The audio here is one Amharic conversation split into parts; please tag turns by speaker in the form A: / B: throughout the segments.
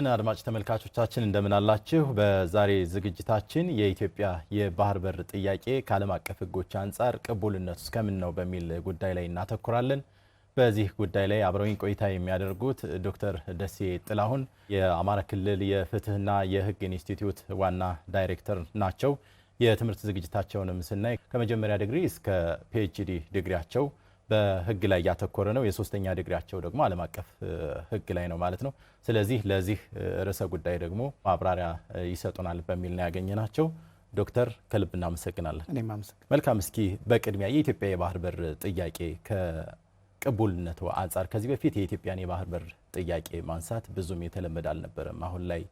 A: ይስጥልን አድማጭ ተመልካቾቻችን እንደምን አላችሁ? በዛሬ ዝግጅታችን የኢትዮጵያ የባህር በር ጥያቄ ከዓለም አቀፍ ሕጎች አንጻር ቅቡልነቱ እስከምን ነው በሚል ጉዳይ ላይ እናተኩራለን። በዚህ ጉዳይ ላይ አብረውኝ ቆይታ የሚያደርጉት ዶክተር ደሴ ጥላሁን የአማራ ክልል የፍትህና የሕግ ኢንስቲትዩት ዋና ዳይሬክተር ናቸው። የትምህርት ዝግጅታቸውንም ስናይ ከመጀመሪያ ዲግሪ እስከ ፒኤችዲ ዲግሪያቸው በህግ ላይ ያተኮረ ነው። የሶስተኛ ዲግሪያቸው ደግሞ ዓለም አቀፍ ህግ ላይ ነው ማለት ነው። ስለዚህ ለዚህ ርዕሰ ጉዳይ ደግሞ ማብራሪያ ይሰጡናል በሚል ነው ያገኘናቸው። ዶክተር ከልብ እናመሰግናለን። መልካም። እስኪ በቅድሚያ የኢትዮጵያ የባህር በር ጥያቄ ከቅቡልነቱ አንጻር ከዚህ በፊት የኢትዮጵያን የባህር በር ጥያቄ ማንሳት ብዙም የተለመደ አልነበረም። አሁን ላይ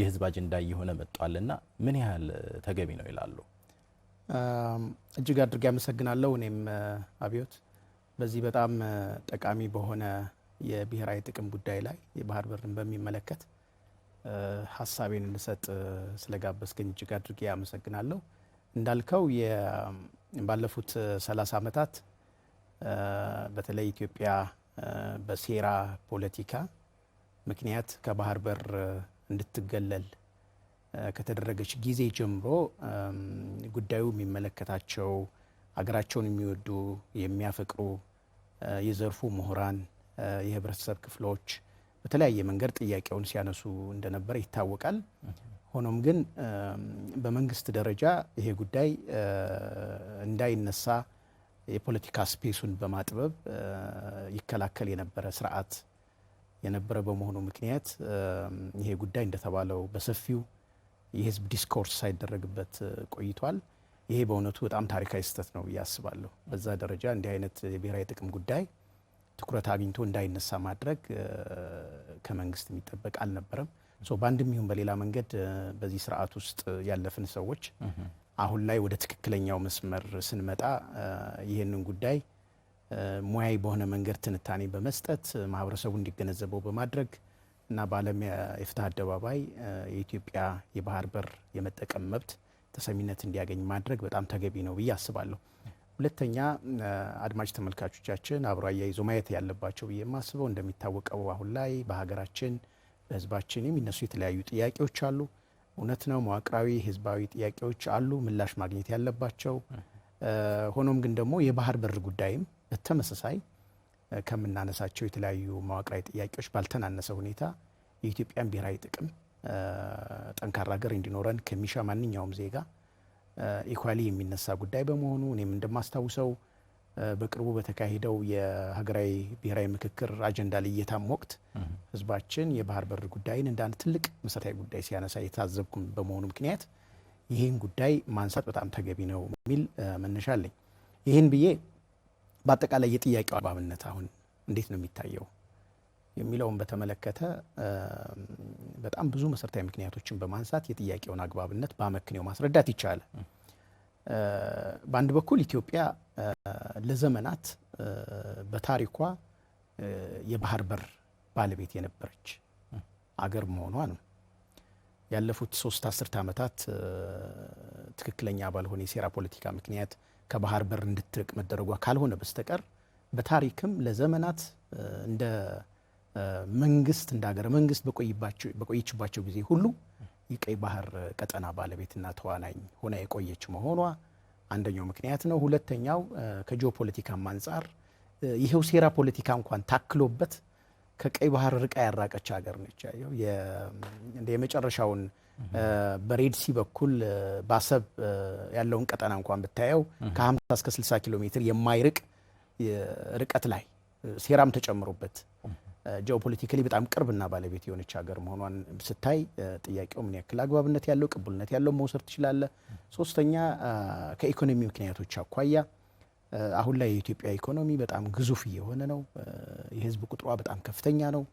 A: የህዝብ አጀንዳ እየሆነ መጥቷልና ምን ያህል ተገቢ ነው ይላሉ?
B: እጅግ አድርጌ አመሰግናለሁ። እኔም አብዮት በዚህ በጣም ጠቃሚ በሆነ የብሔራዊ ጥቅም ጉዳይ ላይ የባህር በርን በሚመለከት ሀሳቤን እንድሰጥ ስለጋበዝከኝ እጅግ አድርጌ አመሰግናለሁ። እንዳልከው ባለፉት 30 ዓመታት በተለይ ኢትዮጵያ በሴራ ፖለቲካ ምክንያት ከባህር በር እንድትገለል ከተደረገች ጊዜ ጀምሮ ጉዳዩ የሚመለከታቸው ሀገራቸውን የሚወዱ የሚያፈቅሩ የዘርፉ ምሁራን፣ የህብረተሰብ ክፍሎች በተለያየ መንገድ ጥያቄውን ሲያነሱ እንደነበረ ይታወቃል። ሆኖም ግን በመንግስት ደረጃ ይሄ ጉዳይ እንዳይነሳ የፖለቲካ ስፔሱን በማጥበብ ይከላከል የነበረ ስርዓት የነበረ በመሆኑ ምክንያት ይሄ ጉዳይ እንደተባለው በሰፊው የህዝብ ዲስኮርስ ሳይደረግበት ቆይቷል። ይሄ በእውነቱ በጣም ታሪካዊ ስህተት ነው ብዬ አስባለሁ። በዛ ደረጃ እንዲህ አይነት የብሔራዊ ጥቅም ጉዳይ ትኩረት አግኝቶ እንዳይነሳ ማድረግ ከመንግስት የሚጠበቅ አልነበረም። በአንድም ይሁን በሌላ መንገድ በዚህ ስርዓት ውስጥ ያለፍን ሰዎች አሁን ላይ ወደ ትክክለኛው መስመር ስንመጣ ይህንን ጉዳይ ሙያዊ በሆነ መንገድ ትንታኔ በመስጠት ማህበረሰቡ እንዲገነዘበው በማድረግ እና በዓለም የፍትህ አደባባይ የኢትዮጵያ የባህር በር የመጠቀም መብት ተሰሚነት እንዲያገኝ ማድረግ በጣም ተገቢ ነው ብዬ አስባለሁ። ሁለተኛ አድማጭ ተመልካቾቻችን አብሮ አያይዞ ማየት ያለባቸው ብዬ የማስበው እንደሚታወቀው አሁን ላይ በሀገራችን በህዝባችን የሚነሱ የተለያዩ ጥያቄዎች አሉ። እውነት ነው መዋቅራዊ ህዝባዊ ጥያቄዎች አሉ ምላሽ ማግኘት ያለባቸው። ሆኖም ግን ደግሞ የባህር በር ጉዳይም በተመሳሳይ ከምናነሳቸው የተለያዩ መዋቅራዊ ጥያቄዎች ባልተናነሰ ሁኔታ የኢትዮጵያን ብሔራዊ ጥቅም ጠንካራ ሀገር እንዲኖረን ከሚሻ ማንኛውም ዜጋ ኢኳሊ የሚነሳ ጉዳይ በመሆኑ እኔም እንደማስታውሰው በቅርቡ በተካሄደው የሀገራዊ ብሔራዊ ምክክር አጀንዳ የታም ወቅት ህዝባችን የባህር በር ጉዳይን እንደ አንድ ትልቅ መሰረታዊ ጉዳይ ሲያነሳ የታዘብኩም በመሆኑ ምክንያት ይህን ጉዳይ ማንሳት በጣም ተገቢ ነው የሚል መነሻ አለኝ። ይህን ብዬ በአጠቃላይ የጥያቄው አግባብነት አሁን እንዴት ነው የሚታየው? የሚለውን በተመለከተ በጣም ብዙ መሰረታዊ ምክንያቶችን በማንሳት የጥያቄውን አግባብነት በአመክንዮ ማስረዳት ይቻላል። በአንድ በኩል ኢትዮጵያ ለዘመናት በታሪኳ የባህር በር ባለቤት የነበረች አገር መሆኗ ነው። ያለፉት ሶስት አስርት ዓመታት ትክክለኛ ባልሆነ የሴራ ፖለቲካ ምክንያት ከባህር በር እንድትርቅ መደረጓ ካልሆነ በስተቀር በታሪክም ለዘመናት እንደ መንግስት እንዳገረ መንግስት በቆየችባቸው ጊዜ ሁሉ የቀይ ባህር ቀጠና ባለቤትና ተዋናኝ ሆና የቆየች መሆኗ አንደኛው ምክንያት ነው። ሁለተኛው ከጂኦፖለቲካም አንጻር ይሄው ሴራ ፖለቲካ እንኳን ታክሎበት ከቀይ ባህር ርቃ ያራቀች ሀገር ነች። የመጨረሻውን በሬድሲ በኩል በአሰብ ያለውን ቀጠና እንኳን ብታየው ከ50 እስከ 60 ኪሎ ሜትር የማይርቅ ርቀት ላይ ሴራም ተጨምሮበት ጂኦፖለቲካሊ በጣም ቅርብና ባለቤት የሆነች ሀገር መሆኗን ስታይ ጥያቄው ምን ያክል አግባብነት ያለው ቅቡልነት ያለው መውሰድ ትችላለ። ሶስተኛ ከኢኮኖሚ ምክንያቶች አኳያ አሁን ላይ የኢትዮጵያ ኢኮኖሚ በጣም ግዙፍ እየሆነ ነው። የህዝብ ቁጥሯ በጣም ከፍተኛ ነው።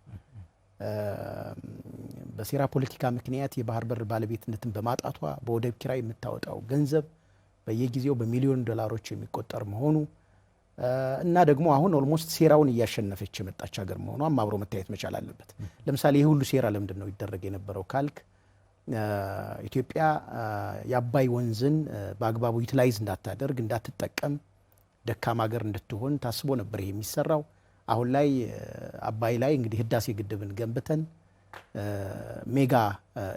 B: በሴራ ፖለቲካ ምክንያት የባህር በር ባለቤትነትን በማጣቷ በወደብ ኪራይ የምታወጣው ገንዘብ በየጊዜው በሚሊዮን ዶላሮች የሚቆጠር መሆኑ እና ደግሞ አሁን ኦልሞስት ሴራውን እያሸነፈች የመጣች ሀገር መሆኗም አብሮ መታየት መቻል አለበት። ለምሳሌ ይህ ሁሉ ሴራ ለምንድን ነው ይደረግ የነበረው ካልክ ኢትዮጵያ የአባይ ወንዝን በአግባቡ ዩትላይዝ እንዳታደርግ እንዳትጠቀም ደካማ ሀገር እንድትሆን ታስቦ ነበር ይሄ የሚሰራው። አሁን ላይ አባይ ላይ እንግዲህ ህዳሴ ግድብን ገንብተን ሜጋ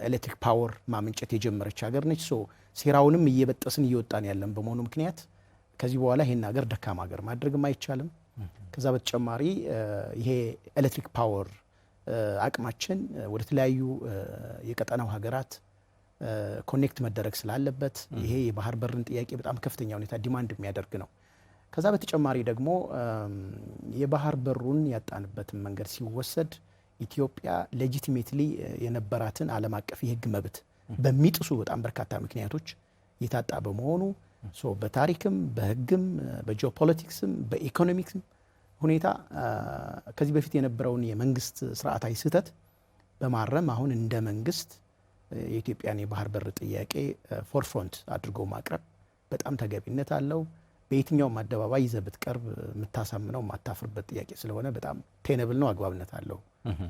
B: ኤሌክትሪክ ፓወር ማመንጨት የጀመረች ሀገር ነች። ሶ ሴራውንም እየበጠስን እየወጣን ያለን በመሆኑ ምክንያት ከዚህ በኋላ ይሄን ሀገር ደካማ ሀገር ማድረግም አይቻልም። ከዛ በተጨማሪ ይሄ ኤሌክትሪክ ፓወር አቅማችን ወደ ተለያዩ የቀጠናው ሀገራት ኮኔክት መደረግ ስላለበት ይሄ የባህር በርን ጥያቄ በጣም ከፍተኛ ሁኔታ ዲማንድ የሚያደርግ ነው። ከዛ በተጨማሪ ደግሞ የባህር በሩን ያጣንበትን መንገድ ሲወሰድ ኢትዮጵያ ሌጂቲሜትሊ የነበራትን ዓለም አቀፍ የህግ መብት በሚጥሱ በጣም በርካታ ምክንያቶች የታጣ በመሆኑ በታሪክም በህግም በጂኦፖለቲክስም በኢኮኖሚክስም ሁኔታ ከዚህ በፊት የነበረውን የመንግስት ስርዓታዊ ስህተት በማረም አሁን እንደ መንግስት የኢትዮጵያን የባህር በር ጥያቄ ፎርፍሮንት አድርጎ ማቅረብ በጣም ተገቢነት አለው። በየትኛውም አደባባይ ይዘህ ብትቀርብ የምታሳምነው የማታፍርበት ጥያቄ ስለሆነ በጣም ቴነብል ነው፣ አግባብነት አለው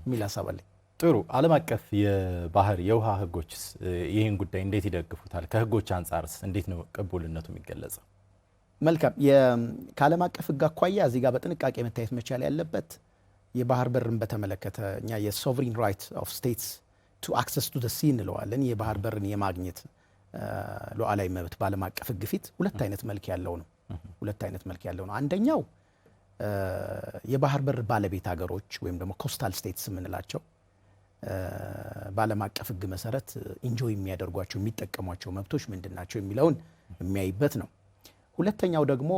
B: የሚል ሀሳብ አለኝ።
A: ጥሩ። ዓለም አቀፍ የባህር የውሃ ህጎች ይህን ጉዳይ እንዴት ይደግፉታል? ከህጎች አንጻርስ እንዴት ነው ቅቡልነቱ የሚገለጸው?
B: መልካም። ከዓለም አቀፍ ህግ አኳያ እዚህ ጋር በጥንቃቄ መታየት መቻል ያለበት የባህር በርን በተመለከተ እኛ የሶቨሪን ራይት ኦፍ ስቴትስ ቱ አክሰስ ቱ ሲ እንለዋለን። የባህር በርን የማግኘት ሉዓላዊ መብት በዓለም አቀፍ ህግ ፊት ሁለት አይነት መልክ ያለው ነው። ሁለት አይነት መልክ ያለው ነው። አንደኛው የባህር በር ባለቤት ሀገሮች ወይም ደግሞ ኮስታል ስቴትስ የምንላቸው በዓለም አቀፍ ሕግ መሰረት ኢንጆይ የሚያደርጓቸው የሚጠቀሟቸው መብቶች ምንድን ናቸው የሚለውን የሚያይበት ነው። ሁለተኛው ደግሞ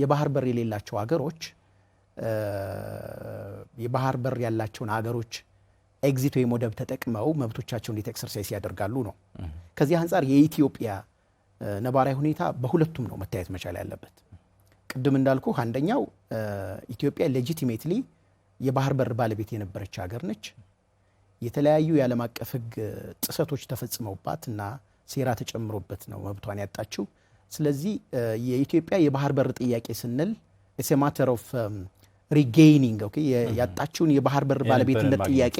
B: የባህር በር የሌላቸው አገሮች የባህር በር ያላቸውን አገሮች ኤግዚት ወይም ወደብ ተጠቅመው መብቶቻቸው እንዴት ኤክሰርሳይዝ ያደርጋሉ ነው። ከዚህ አንጻር የኢትዮጵያ ነባራዊ ሁኔታ በሁለቱም ነው መታየት መቻል ያለበት። ቅድም እንዳልኩ አንደኛው ኢትዮጵያ ሌጂቲሜትሊ የባህር በር ባለቤት የነበረች ሀገር ነች። የተለያዩ የዓለም አቀፍ ሕግ ጥሰቶች ተፈጽመውባት እና ሴራ ተጨምሮበት ነው መብቷን ያጣችው። ስለዚህ የኢትዮጵያ የባህር በር ጥያቄ ስንል ኢትስ ኤ ማተር ኦፍ ሪጌይኒንግ ያጣችውን የባህር በር ባለቤትነት ጥያቄ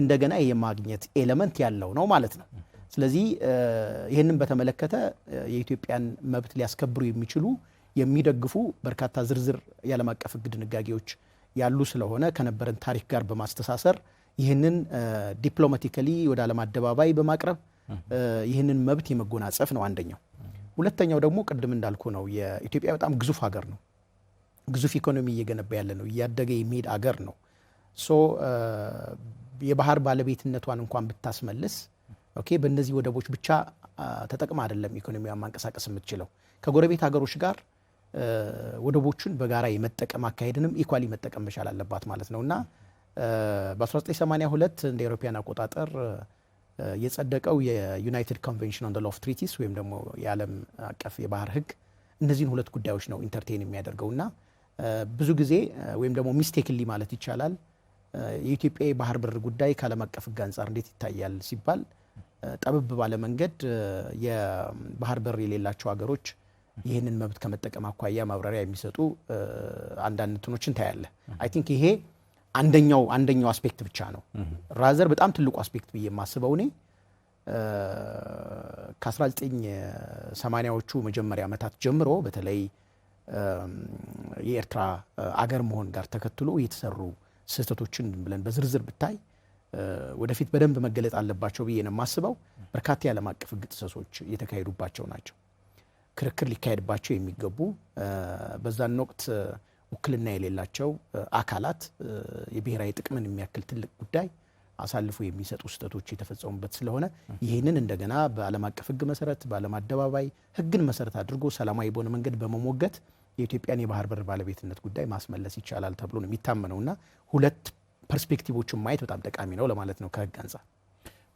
B: እንደገና የማግኘት ኤለመንት ያለው ነው ማለት ነው። ስለዚህ ይህንን በተመለከተ የኢትዮጵያን መብት ሊያስከብሩ የሚችሉ የሚደግፉ በርካታ ዝርዝር የዓለም አቀፍ ሕግ ድንጋጌዎች ያሉ ስለሆነ ከነበረን ታሪክ ጋር በማስተሳሰር ይህንን ዲፕሎማቲካሊ ወደ ዓለም አደባባይ በማቅረብ ይህንን መብት የመጎናጸፍ ነው አንደኛው። ሁለተኛው ደግሞ ቅድም እንዳልኩ ነው የኢትዮጵያ በጣም ግዙፍ ሀገር ነው። ግዙፍ ኢኮኖሚ እየገነባ ያለ ነው፣ እያደገ የሚሄድ አገር ነው። ሶ የባህር ባለቤትነቷን እንኳን ብታስመልስ ኦኬ፣ በእነዚህ ወደቦች ብቻ ተጠቅማ አይደለም ኢኮኖሚዋን ማንቀሳቀስ የምትችለው ከጎረቤት ሀገሮች ጋር ወደቦቹን በጋራ የመጠቀም አካሄድንም ኢኳሊ መጠቀም መቻል አለባት ማለት ነው እና በ1982 እንደ ኤሮፓያን አቆጣጠር የጸደቀው የዩናይትድ ኮንቬንሽን ኦን ዘ ኦፍ ትሪቲስ ወይም ደግሞ የዓለም አቀፍ የባህር ህግ እነዚህን ሁለት ጉዳዮች ነው ኢንተርቴን የሚያደርገውና ብዙ ጊዜ ወይም ደግሞ ሚስቴክሊ ማለት ይቻላል የኢትዮጵያ የባህር በር ጉዳይ ከዓለም አቀፍ ህግ አንጻር እንዴት ይታያል ሲባል ጠበብ ባለ መንገድ የባህር በር የሌላቸው ሀገሮች ይህንን መብት ከመጠቀም አኳያ ማብራሪያ የሚሰጡ አንዳንድ እንትኖችን ታያለ። አይ ቲንክ ይሄ አንደኛው አንደኛው አስፔክት ብቻ ነው። ራዘር በጣም ትልቁ አስፔክት ብዬ የማስበው እኔ ከ1980ዎቹ መጀመሪያ ዓመታት ጀምሮ በተለይ የኤርትራ አገር መሆን ጋር ተከትሎ የተሰሩ ስህተቶችን ብለን በዝርዝር ብታይ ወደፊት በደንብ መገለጥ አለባቸው ብዬ ነው የማስበው። በርካታ የዓለም አቀፍ ሕግ ጥሰቶች የተካሄዱባቸው ናቸው። ክርክር ሊካሄድባቸው የሚገቡ በዛን ወቅት ውክልና የሌላቸው አካላት የብሔራዊ ጥቅምን የሚያክል ትልቅ ጉዳይ አሳልፎ የሚሰጡ ስህተቶች የተፈጸሙበት ስለሆነ ይህንን እንደገና በዓለም አቀፍ ሕግ መሰረት በዓለም አደባባይ ሕግን መሰረት አድርጎ ሰላማዊ በሆነ መንገድ በመሞገት የኢትዮጵያን የባህር በር ባለቤትነት ጉዳይ ማስመለስ ይቻላል ተብሎ ነው የሚታመነው እና ሁለት ፐርስፔክቲቮችን ማየት በጣም ጠቃሚ
A: ነው ለማለት ነው ከሕግ አንጻር።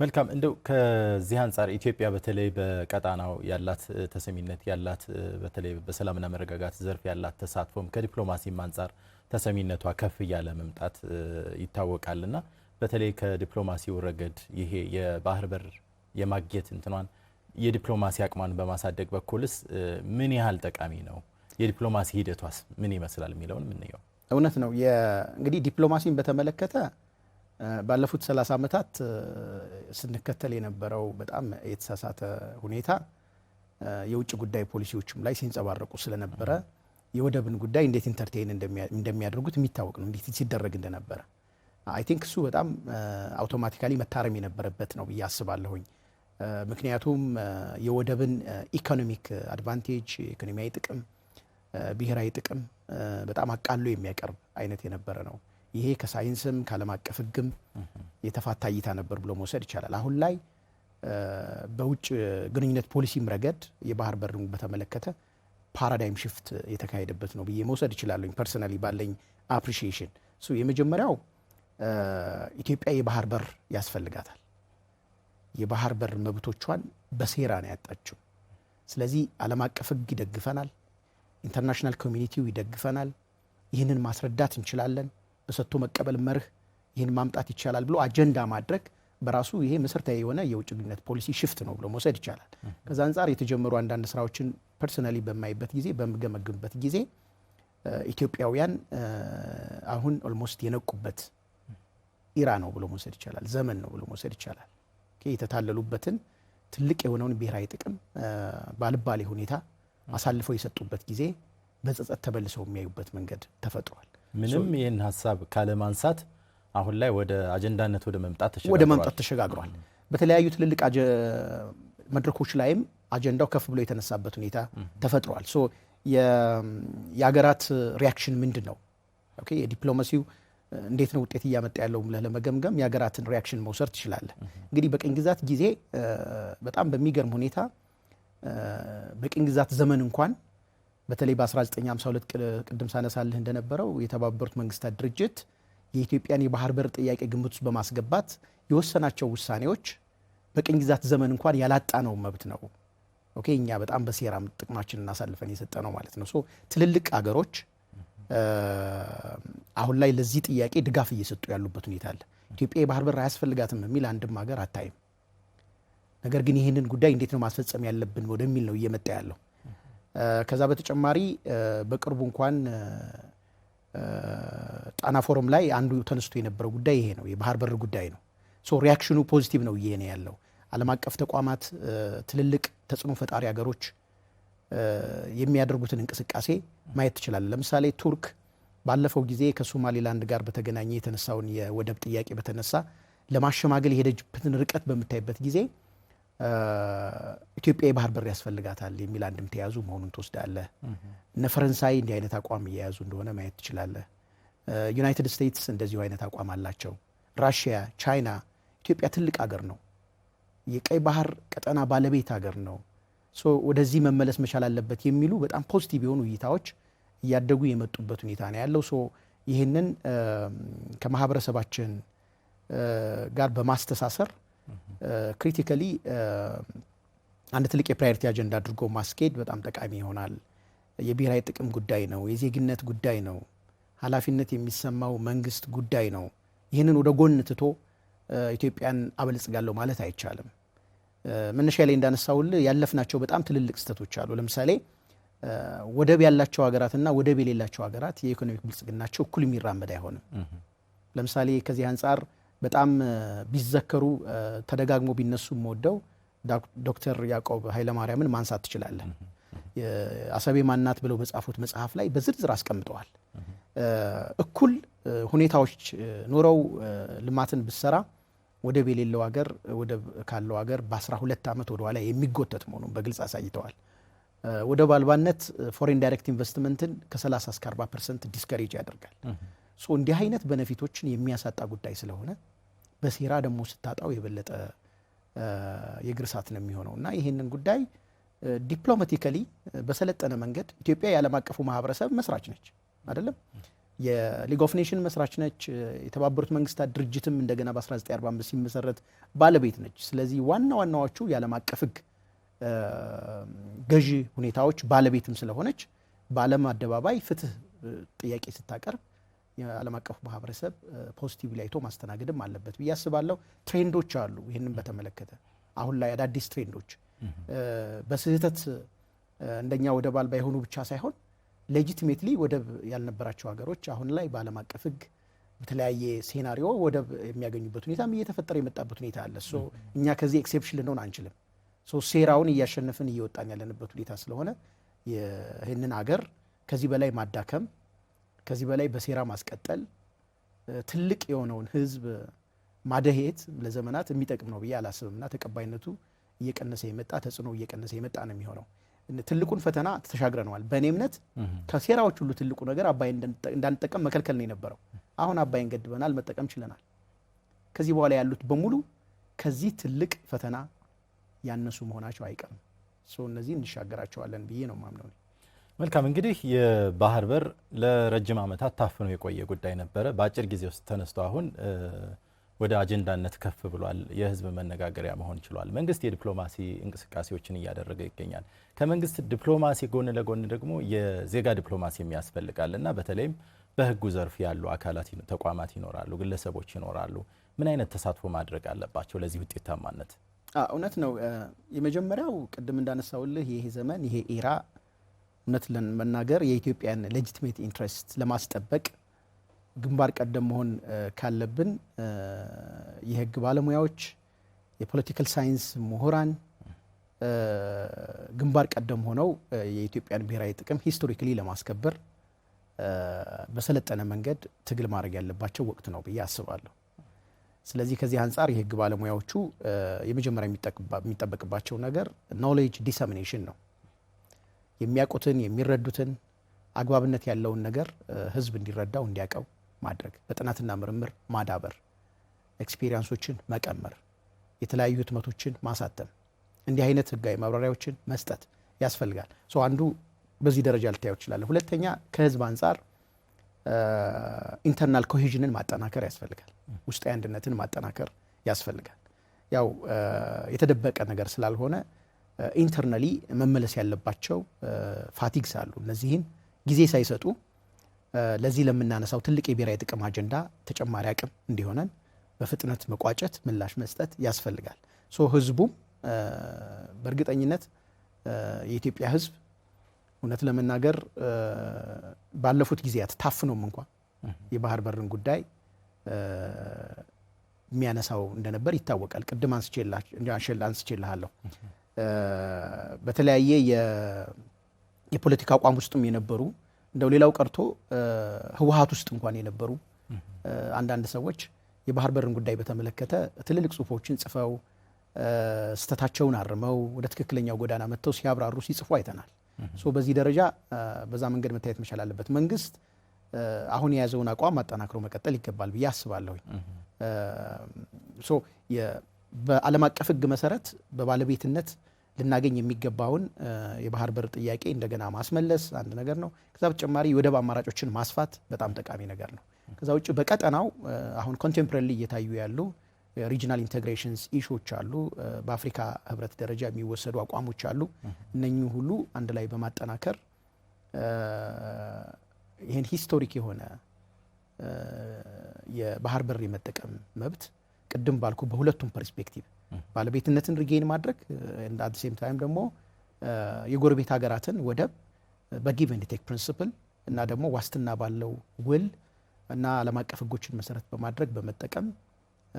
A: መልካም እንደው ከዚህ አንጻር ኢትዮጵያ በተለይ በቀጣናው ያላት ተሰሚነት ያላት በተለይ በሰላምና መረጋጋት ዘርፍ ያላት ተሳትፎም ከዲፕሎማሲም አንጻር ተሰሚነቷ ከፍ እያለ መምጣት ይታወቃልና በተለይ ከዲፕሎማሲው ረገድ ይሄ የባህር በር የማግኘት እንትኗን የዲፕሎማሲ አቅሟን በማሳደግ በኩልስ ምን ያህል ጠቃሚ ነው? የዲፕሎማሲ ሂደቷስ ምን ይመስላል የሚለውን ምንየው።
B: እውነት ነው። እንግዲህ ዲፕሎማሲን በተመለከተ ባለፉት 30 ዓመታት ስንከተል የነበረው በጣም የተሳሳተ ሁኔታ የውጭ ጉዳይ ፖሊሲዎችም ላይ ሲንጸባረቁ ስለነበረ የወደብን ጉዳይ እንዴት ኢንተርቴይን እንደሚያደርጉት የሚታወቅ ነው፣ እንዴት ሲደረግ እንደነበረ አይ ቲንክ እሱ በጣም አውቶማቲካሊ መታረም የነበረበት ነው ብዬ አስባለሁኝ። ምክንያቱም የወደብን ኢኮኖሚክ አድቫንቴጅ ኢኮኖሚያዊ ጥቅም፣ ብሔራዊ ጥቅም በጣም አቃሎ የሚያቀርብ አይነት የነበረ ነው። ይሄ ከሳይንስም ከዓለም አቀፍ ሕግም የተፋታ እይታ ነበር ብሎ መውሰድ ይቻላል። አሁን ላይ በውጭ ግንኙነት ፖሊሲም ረገድ የባህር በርን በተመለከተ ፓራዳይም ሽፍት የተካሄደበት ነው ብዬ መውሰድ እችላለሁ። ፐርሰናሊ ባለኝ አፕሪሺዬሽን የመጀመሪያው ኢትዮጵያ የባህር በር ያስፈልጋታል። የባህር በር መብቶቿን በሴራ ነው ያጣችው። ስለዚህ ዓለም አቀፍ ሕግ ይደግፈናል፣ ኢንተርናሽናል ኮሚኒቲው ይደግፈናል። ይህንን ማስረዳት እንችላለን። በሰጥቶ መቀበል መርህ ይህን ማምጣት ይቻላል ብሎ አጀንዳ ማድረግ በራሱ ይሄ መሰረታዊ የሆነ የውጭ ግንኙነት ፖሊሲ ሽፍት ነው ብሎ መውሰድ ይቻላል። ከዛ አንጻር የተጀመሩ አንዳንድ ስራዎችን ፐርሰናሊ በማይበት ጊዜ በምገመግምበት ጊዜ ኢትዮጵያውያን አሁን ኦልሞስት የነቁበት ኢራ ነው ብሎ መውሰድ ይቻላል። ዘመን ነው ብሎ መውሰድ ይቻላል። የተታለሉበትን ትልቅ የሆነውን ብሔራዊ ጥቅም ባልባሌ ሁኔታ አሳልፈው የሰጡበት ጊዜ በጸጸት ተመልሰው የሚያዩበት መንገድ
A: ተፈጥሯል። ምንም ይህን ሀሳብ ካለማንሳት አሁን ላይ ወደ አጀንዳነት ወደ መምጣት ወደ መምጣት ተሸጋግሯል።
B: በተለያዩ ትልልቅ መድረኮች ላይም አጀንዳው ከፍ ብሎ የተነሳበት ሁኔታ ተፈጥሯል። ሶ የሀገራት ሪያክሽን ምንድን ነው? የዲፕሎማሲው እንዴት ነው ውጤት እያመጣ ያለው ብለህ ለመገምገም የሀገራትን ሪያክሽን መውሰድ ትችላለህ። እንግዲህ በቅኝ ግዛት ጊዜ በጣም በሚገርም ሁኔታ በቅኝ ግዛት ዘመን እንኳን በተለይ በ1952 ቅድም ሳነሳልህ እንደነበረው የተባበሩት መንግስታት ድርጅት የኢትዮጵያን የባህር በር ጥያቄ ግምት ውስጥ በማስገባት የወሰናቸው ውሳኔዎች በቅኝ ግዛት ዘመን እንኳን ያላጣነው መብት ነው። ኦኬ እኛ በጣም በሴራም ጥቅማችን እናሳልፈን የሰጠ ነው ማለት ነው። ትልልቅ አገሮች አሁን ላይ ለዚህ ጥያቄ ድጋፍ እየሰጡ ያሉበት ሁኔታ አለ። ኢትዮጵያ የባህር በር አያስፈልጋትም የሚል አንድም ሀገር አታይም። ነገር ግን ይህንን ጉዳይ እንዴት ነው ማስፈጸም ያለብን ወደሚል ነው እየመጣ ያለው። ከዛ በተጨማሪ በቅርቡ እንኳን ጣና ፎረም ላይ አንዱ ተነስቶ የነበረው ጉዳይ ይሄ ነው፣ የባህር በር ጉዳይ ነው። ሶ ሪያክሽኑ ፖዚቲቭ ነው እየሄነ ያለው ዓለም አቀፍ ተቋማት ትልልቅ ተጽዕኖ ፈጣሪ ሀገሮች የሚያደርጉትን እንቅስቃሴ ማየት ትችላለ። ለምሳሌ ቱርክ ባለፈው ጊዜ ከሶማሌላንድ ጋር በተገናኘ የተነሳውን የወደብ ጥያቄ በተነሳ ለማሸማገል የሄደችበትን ርቀት በምታይበት ጊዜ ኢትዮጵያ የባህር በር ያስፈልጋታል የሚል አንድም ተያዙ መሆኑን ትወስዳለህ። እነ ፈረንሳይ እንዲህ አይነት አቋም እየያዙ እንደሆነ ማየት ትችላለህ። ዩናይትድ ስቴትስ እንደዚሁ አይነት አቋም አላቸው። ራሽያ፣ ቻይና ኢትዮጵያ ትልቅ አገር ነው። የቀይ ባህር ቀጠና ባለቤት አገር ነው። ወደዚህ መመለስ መቻል አለበት የሚሉ በጣም ፖዚቲቭ የሆኑ እይታዎች እያደጉ የመጡበት ሁኔታ ነው ያለው። ይህንን ከማህበረሰባችን ጋር በማስተሳሰር ክሪቲካሊ አንድ ትልቅ የፕራዮሪቲ አጀንዳ አድርጎ ማስኬድ በጣም ጠቃሚ ይሆናል። የብሔራዊ ጥቅም ጉዳይ ነው። የዜግነት ጉዳይ ነው። ኃላፊነት የሚሰማው መንግስት ጉዳይ ነው። ይህንን ወደ ጎን ትቶ ኢትዮጵያን አበልጽጋለሁ ማለት አይቻልም። መነሻ ላይ እንዳነሳውል ያለፍናቸው በጣም ትልልቅ ስህተቶች አሉ። ለምሳሌ ወደብ ያላቸው ሀገራትና ወደብ የሌላቸው ሀገራት የኢኮኖሚክ ብልጽግናቸው እኩል የሚራመድ አይሆንም። ለምሳሌ ከዚህ አንጻር በጣም ቢዘከሩ ተደጋግሞ ቢነሱ የምወደው ዶክተር ያዕቆብ ኃይለማርያምን ማንሳት ትችላለን። አሰቤ ማናት ብለው በጻፉት መጽሐፍ ላይ በዝርዝር አስቀምጠዋል። እኩል ሁኔታዎች ኖረው ልማትን ብሰራ ወደብ የሌለው ሀገር ወደብ ካለው ሀገር በ12 ዓመት ወደኋላ የሚጎተት መሆኑን በግልጽ አሳይተዋል። ወደብ አልባነት ፎሬን ዳይሬክት ኢንቨስትመንትን ከ30 እስከ 40 ፐርሰንት ዲስከሬጅ ያደርጋል። እንዲህ አይነት በነፊቶችን የሚያሳጣ ጉዳይ ስለሆነ በሴራ ደግሞ ስታጣው የበለጠ የእግር እሳት ነው የሚሆነው እና ይህንን ጉዳይ ዲፕሎማቲካሊ በሰለጠነ መንገድ ኢትዮጵያ የዓለም አቀፉ ማህበረሰብ መስራች ነች አይደለም። የሊግ ኦፍ ኔሽን መስራች ነች። የተባበሩት መንግስታት ድርጅትም እንደገና በ1945 ሲመሰረት ባለቤት ነች። ስለዚህ ዋና ዋናዎቹ የዓለም አቀፍ ህግ ገዢ ሁኔታዎች ባለቤትም ስለሆነች በዓለም አደባባይ ፍትህ ጥያቄ ስታቀርብ የዓለም አቀፉ ማህበረሰብ ፖዚቲቭ ላይቶ ማስተናገድም አለበት ብዬ አስባለሁ። ትሬንዶች አሉ። ይህንን በተመለከተ አሁን ላይ አዳዲስ ትሬንዶች በስህተት እንደኛ ወደብ አልባ የሆኑ ብቻ ሳይሆን ሌጂቲሜትሊ ወደብ ያልነበራቸው ሀገሮች አሁን ላይ በዓለም አቀፍ ሕግ በተለያየ ሴናሪዮ ወደብ የሚያገኙበት ሁኔታም እየተፈጠረ የመጣበት ሁኔታ አለ። እኛ ከዚህ ኤክሴፕሽን ልንሆን አንችልም። ሴራውን እያሸነፍን እየወጣን ያለንበት ሁኔታ ስለሆነ ይህንን ሀገር ከዚህ በላይ ማዳከም ከዚህ በላይ በሴራ ማስቀጠል ትልቅ የሆነውን ህዝብ ማደሄት ለዘመናት የሚጠቅም ነው ብዬ አላስብምና ተቀባይነቱ እየቀነሰ የመጣ ተጽዕኖ እየቀነሰ የመጣ ነው የሚሆነው። ትልቁን ፈተና ተሻግረነዋል። በእኔ እምነት ከሴራዎች ሁሉ ትልቁ ነገር አባይ እንዳንጠቀም መከልከል ነው የነበረው። አሁን አባይን ገድበናል፣ መጠቀም ችለናል። ከዚህ በኋላ ያሉት በሙሉ ከዚህ ትልቅ ፈተና ያነሱ መሆናቸው አይቀርም። እነዚህ እንሻገራቸዋለን ብዬ ነው ማምነው።
A: መልካም እንግዲህ የባህር በር ለረጅም ዓመታት ታፍኖ የቆየ ጉዳይ ነበረ። በአጭር ጊዜ ውስጥ ተነስቶ አሁን ወደ አጀንዳነት ከፍ ብሏል። የህዝብ መነጋገሪያ መሆን ችሏል። መንግስት የዲፕሎማሲ እንቅስቃሴዎችን እያደረገ ይገኛል። ከመንግስት ዲፕሎማሲ ጎን ለጎን ደግሞ የዜጋ ዲፕሎማሲ የሚያስፈልጋል እና በተለይም በህጉ ዘርፍ ያሉ አካላት ተቋማት ይኖራሉ፣ ግለሰቦች ይኖራሉ። ምን አይነት ተሳትፎ ማድረግ አለባቸው ለዚህ ውጤታማነት?
B: እውነት ነው። የመጀመሪያው ቅድም እንዳነሳውልህ ይሄ ዘመን ይሄ ኢራ እውነት ለመናገር የኢትዮጵያን ሌጂቲሜት ኢንትረስት ለማስጠበቅ ግንባር ቀደም መሆን ካለብን የህግ ባለሙያዎች፣ የፖለቲካል ሳይንስ ምሁራን ግንባር ቀደም ሆነው የኢትዮጵያን ብሔራዊ ጥቅም ሂስቶሪካሊ ለማስከበር በሰለጠነ መንገድ ትግል ማድረግ ያለባቸው ወቅት ነው ብዬ አስባለሁ። ስለዚህ ከዚህ አንጻር የህግ ባለሙያዎቹ የመጀመሪያ የሚጠበቅባቸው ነገር ኖሌጅ ዲሰሚኔሽን ነው። የሚያውቁትን የሚረዱትን አግባብነት ያለውን ነገር ህዝብ እንዲረዳው እንዲያውቀው ማድረግ፣ በጥናትና ምርምር ማዳበር፣ ኤክስፒሪየንሶችን መቀመር፣ የተለያዩ ህትመቶችን ማሳተም፣ እንዲህ አይነት ህጋዊ ማብራሪያዎችን መስጠት ያስፈልጋል። አንዱ በዚህ ደረጃ ልታየው ይችላለ። ሁለተኛ ከህዝብ አንጻር ኢንተርናል ኮሄዥንን ማጠናከር ያስፈልጋል። ውስጣዊ አንድነትን ማጠናከር ያስፈልጋል። ያው የተደበቀ ነገር ስላልሆነ ኢንተርናሊ መመለስ ያለባቸው ፋቲግስ አሉ። እነዚህን ጊዜ ሳይሰጡ ለዚህ ለምናነሳው ትልቅ የብሔራዊ ጥቅም አጀንዳ ተጨማሪ አቅም እንዲሆነን በፍጥነት መቋጨት፣ ምላሽ መስጠት ያስፈልጋል። ሶ ህዝቡም በእርግጠኝነት የኢትዮጵያ ህዝብ እውነት ለመናገር ባለፉት ጊዜያት ታፍኖም እንኳ የባህር በርን ጉዳይ የሚያነሳው እንደነበር ይታወቃል። ቅድም አንስቼልሃለሁ። በተለያየ የፖለቲካ አቋም ውስጥም የነበሩ እንደው ሌላው ቀርቶ ህወሀት ውስጥ እንኳን የነበሩ አንዳንድ ሰዎች የባህር በርን ጉዳይ በተመለከተ ትልልቅ ጽሁፎችን ጽፈው ስህተታቸውን አርመው ወደ ትክክለኛው ጎዳና መጥተው ሲያብራሩ ሲጽፉ አይተናል። በዚህ ደረጃ በዛ መንገድ መታየት መቻል አለበት። መንግስት አሁን የያዘውን አቋም አጠናክሮ መቀጠል ይገባል ብዬ አስባለሁኝ። በዓለም አቀፍ ሕግ መሰረት በባለቤትነት ልናገኝ የሚገባውን የባህር በር ጥያቄ እንደገና ማስመለስ አንድ ነገር ነው። ከዛ በተጨማሪ የወደብ አማራጮችን ማስፋት በጣም ጠቃሚ ነገር ነው። ከዛ ውጭ በቀጠናው አሁን ኮንቴምፖራሪ እየታዩ ያሉ ሪጂናል ኢንቴግሬሽንስ ኢሹዎች አሉ። በአፍሪካ ህብረት ደረጃ የሚወሰዱ አቋሞች አሉ። እነኚህ ሁሉ አንድ ላይ በማጠናከር ይህን ሂስቶሪክ የሆነ የባህር በር የመጠቀም መብት ቅድም ባልኩ በሁለቱም ፐርስፔክቲቭ ባለቤትነትን ሪጌን ማድረግ እንደ አት ሴም ታይም ደግሞ uh, የጎረቤት ሀገራትን ወደብ በጊቭ ኤንድ ቴክ ፕሪንስፕል እና ደግሞ ዋስትና ባለው ውል እና ዓለም አቀፍ ሕጎችን መሰረት በማድረግ በመጠቀም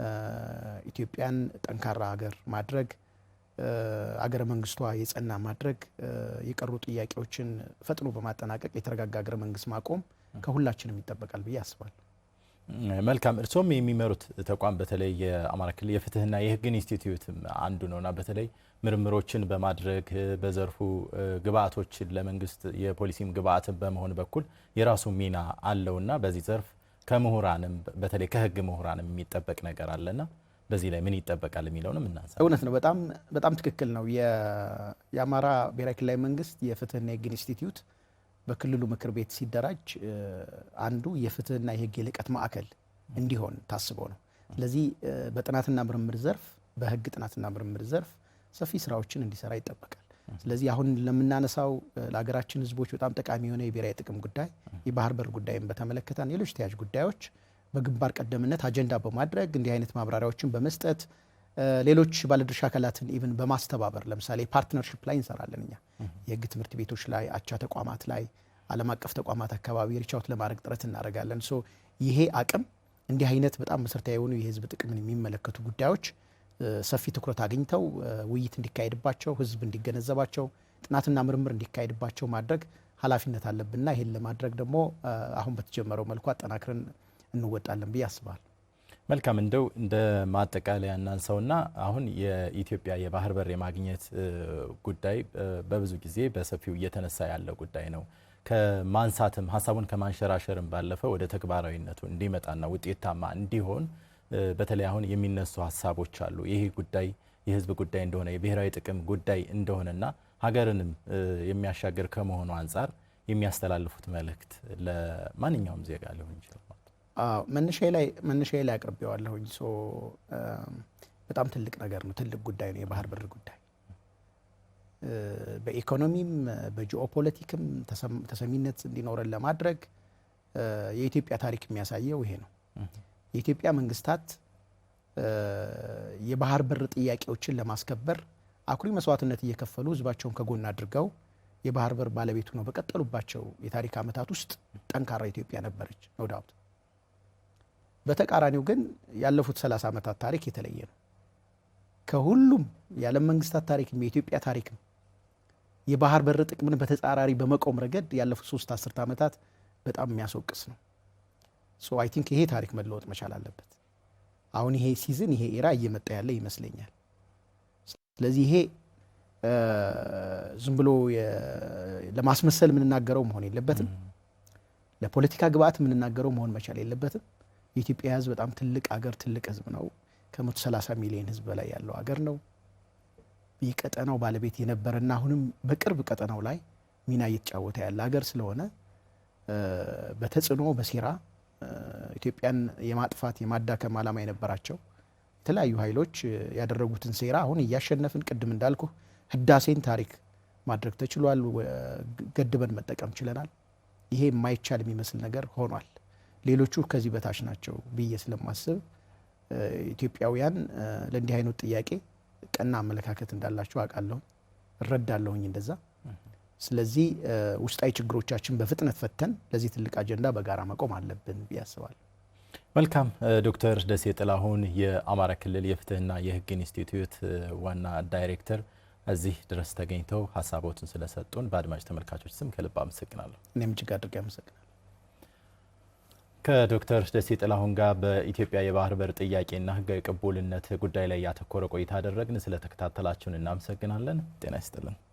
B: uh, ኢትዮጵያን ጠንካራ ሀገር ማድረግ አገረ uh, መንግስቷ የጸና ማድረግ የቀሩ ጥያቄዎችን ፈጥኖ በማጠናቀቅ የተረጋጋ አገረ መንግስት ማቆም ከሁላችንም ይጠበቃል ብዬ አስባለሁ።
A: መልካም እርስዎም የሚመሩት ተቋም በተለይ የአማራ ክልል የፍትህና የህግ ኢንስቲትዩት አንዱ ነውና በተለይ ምርምሮችን በማድረግ በዘርፉ ግብአቶችን ለመንግስት የፖሊሲም ግብአትን በመሆን በኩል የራሱ ሚና አለውና በዚህ ዘርፍ ከምሁራንም በተለይ ከህግ ምሁራንም የሚጠበቅ ነገር አለና በዚህ ላይ ምን ይጠበቃል የሚለውንም እናንሳ።
B: እውነት ነው፣ በጣም በጣም ትክክል ነው። የአማራ ብሔራዊ ክልላዊ መንግስት የፍትህና የህግ ኢንስቲትዩት በክልሉ ምክር ቤት ሲደራጅ አንዱ የፍትህና የህግ የልቀት ማዕከል እንዲሆን ታስቦ ነው። ስለዚህ በጥናትና ምርምር ዘርፍ በህግ ጥናትና ምርምር ዘርፍ ሰፊ ስራዎችን እንዲሰራ ይጠበቃል። ስለዚህ አሁን ለምናነሳው ለሀገራችን ህዝቦች በጣም ጠቃሚ የሆነ የብሔራዊ ጥቅም ጉዳይ የባህር በር ጉዳይን በተመለከተ ሌሎች ተያዥ ጉዳዮች በግንባር ቀደምነት አጀንዳ በማድረግ እንዲህ አይነት ማብራሪያዎችን በመስጠት ሌሎች ባለድርሻ አካላትን ኢቭን በማስተባበር ለምሳሌ ፓርትነርሽፕ ላይ እንሰራለን። እኛ የህግ ትምህርት ቤቶች ላይ፣ አቻ ተቋማት ላይ፣ ዓለም አቀፍ ተቋማት አካባቢ ሪቻውት ለማድረግ ጥረት እናደርጋለን። ሶ ይሄ አቅም እንዲህ አይነት በጣም መሰረታዊ የሆኑ የህዝብ ጥቅምን የሚመለከቱ ጉዳዮች ሰፊ ትኩረት አግኝተው ውይይት እንዲካሄድባቸው፣ ህዝብ እንዲገነዘባቸው፣ ጥናትና ምርምር እንዲካሄድባቸው ማድረግ ኃላፊነት አለብንና ይህን ለማድረግ ደግሞ አሁን በተጀመረው መልኩ አጠናክረን እንወጣለን ብዬ አስባለሁ።
A: መልካም እንደው እንደ ማጠቃለያ እናንሳውና አሁን የኢትዮጵያ የባህር በር የማግኘት ጉዳይ በብዙ ጊዜ በሰፊው እየተነሳ ያለ ጉዳይ ነው። ከማንሳትም ሀሳቡን ከማንሸራሸርም ባለፈ ወደ ተግባራዊነቱ እንዲመጣና ውጤታማ እንዲሆን በተለይ አሁን የሚነሱ ሀሳቦች አሉ። ይሄ ጉዳይ የህዝብ ጉዳይ እንደሆነ የብሔራዊ ጥቅም ጉዳይ እንደሆነና ሀገርንም የሚያሻገር ከመሆኑ አንጻር የሚያስተላልፉት መልእክት ለማንኛውም ዜጋ ሊሆን ይችላል።
B: መነሻዬ ላይ መነሻዬ ላይ አቅርቤዋለሁኝ። ሶ በጣም ትልቅ ነገር ነው፣ ትልቅ ጉዳይ ነው የባህር በር ጉዳይ። በኢኮኖሚም በጂኦፖለቲክም ተሰሚነት እንዲኖረን ለማድረግ የኢትዮጵያ ታሪክ የሚያሳየው ይሄ ነው። የኢትዮጵያ መንግስታት የባህር በር ጥያቄዎችን ለማስከበር አኩሪ መስዋዕትነት እየከፈሉ ህዝባቸውን ከጎን አድርገው የባህር በር ባለቤቱ ነው በቀጠሉባቸው የታሪክ ዓመታት ውስጥ ጠንካራ ኢትዮጵያ ነበረች ነው ዳውት በተቃራኒው ግን ያለፉት 30 ዓመታት ታሪክ የተለየ ነው። ከሁሉም የዓለም መንግስታት ታሪክም የኢትዮጵያ ታሪክም የባህር በር ጥቅምን በተጻራሪ በመቆም ረገድ ያለፉት ሶስት አስርት ዓመታት በጣም የሚያስወቅስ ነው። ሶ አይ ቲንክ ይሄ ታሪክ መለወጥ መቻል አለበት። አሁን ይሄ ሲዝን ይሄ ኤራ እየመጣ ያለ ይመስለኛል። ስለዚህ ይሄ ዝም ብሎ ለማስመሰል የምንናገረው መሆን የለበትም። ለፖለቲካ ግብአት የምንናገረው መሆን መቻል የለበትም። የኢትዮጵያ ህዝብ በጣም ትልቅ አገር ትልቅ ህዝብ ነው። ከ130 ሚሊዮን ህዝብ በላይ ያለው አገር ነው። የቀጠናው ባለቤት የነበረና አሁንም በቅርብ ቀጠናው ላይ ሚና እየተጫወተ ያለ አገር ስለሆነ በተጽዕኖ በሴራ ኢትዮጵያን የማጥፋት የማዳከም ዓላማ የነበራቸው የተለያዩ ኃይሎች ያደረጉትን ሴራ አሁን እያሸነፍን ቅድም እንዳልኩ ህዳሴን ታሪክ ማድረግ ተችሏል። ገድበን መጠቀም ችለናል። ይሄ የማይቻል የሚመስል ነገር ሆኗል። ሌሎቹ ከዚህ በታች ናቸው ብዬ ስለማስብ ኢትዮጵያውያን ለእንዲህ አይነት ጥያቄ ቀና አመለካከት እንዳላቸው አውቃለሁ፣ እረዳለሁኝ እንደዛ። ስለዚህ ውስጣዊ ችግሮቻችን በፍጥነት ፈተን ለዚህ ትልቅ አጀንዳ በጋራ መቆም አለብን ብዬ አስባለሁ።
A: መልካም ዶክተር ደሴ ጥላሁን የአማራ ክልል የፍትህና የህግ ኢንስቲትዩት ዋና ዳይሬክተር እዚህ ድረስ ተገኝተው ሀሳቦትን ስለሰጡን በአድማጭ ተመልካቾች ስም ከልብ አመሰግናለሁ። እኔም እጅግ አድርጌ አመሰግናለሁ። ከዶክተር ደሴ ጥላሁን ጋር በኢትዮጵያ የባህር በር ጥያቄና ሕጋዊ ቅቡልነት ጉዳይ ላይ ያተኮረ ቆይታ አደረግን። ስለተከታተላችሁን እናመሰግናለን። ጤና ይስጥልን።